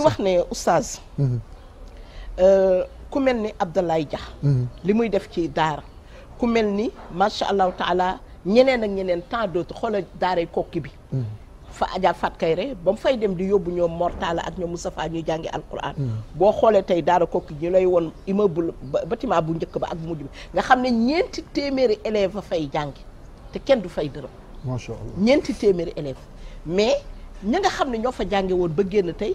di wax ne oustaz. Mhm. Euh, ku mel ni Abdoulaye jax mhm. li muy def ci daara ku mel ni macha allahu taala ñeneen ak ñeneen tant d'autres xoolal daaray kokki bi. Mhm. fa Adja Fat Kayre ba mu fay dem di yóbbu ñoom Mortala ak ñoom Moustapha ñuy jàngi alquran. boo xoolee tey daara kokki ñu lay woon immeuble ba bâtiment bu njëkk ba ak mujj bi nga xam ne ñeenti téeméeri élèves fay jàngi te kenn du fay dërëm. ñeenti téeméeri élèves mais ña nga xam ne ñoo fa jànge woon ba génn tey.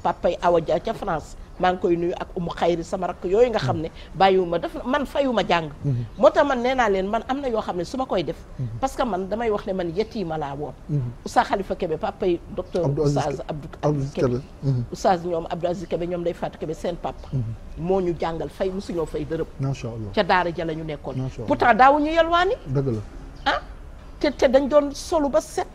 papay Awa Dia ca France maa ngi koy nuyu ak umu xayri sama rakk yooyu nga xam ne bàyyiwu ma def man fayuma jàng mhm. moo tax man nee naa leen man am na yoo xam ne su ma koy def mhm. parce que man damay wax ne man yetiima laa woon mhm. Oustaz Khalifa Kébé papay docteur Oustaz Abdou Kébé Oustaz ñoom Abdou Aziz Kébé ñoom day Fatou Kébé seen papa moo ñu jàngal fay mosuñoo fay dërëm macha allah ca daara ja la ñu nekkoon pourtant daawuñu yelwaani dëgg la ah te te dañ doon solu ba set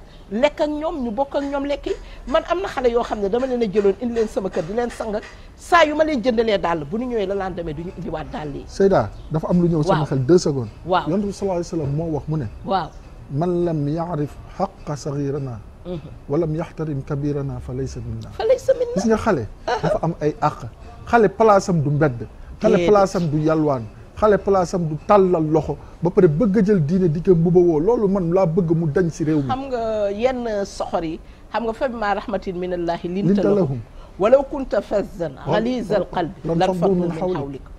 lek ak ñom ñu bok ak ñom lekki man amna xale yo xamne dama leena jëlone indi leen sama kër di leen sang ak sa yu ma leen jëndale dal bu ñu ñëwé la lan démé du ñu waat dal li sayda dafa am lu ñëw sama xel 2 secondes waaw yonent sallallahu alayhi wasallam mo wax mu ne waaw man lam yaarif xaqa saxirana walam yaxtarim kabirana fa laysa minna fa laysa minna gis nga xale dafa am ay ak xale place am du mbedd xale place am du yalwan xale place am du talal loxo ba pare bëgg a jël diine di ko mbubawoo loolu man laa bëgg mu dañ si réew mi. xam nga yenn soxor yi xam ma fa bimaa rahmatin minallahi linta lahum walaw kunta fazzan ghaliza alqalbi lanfaddu min hawlik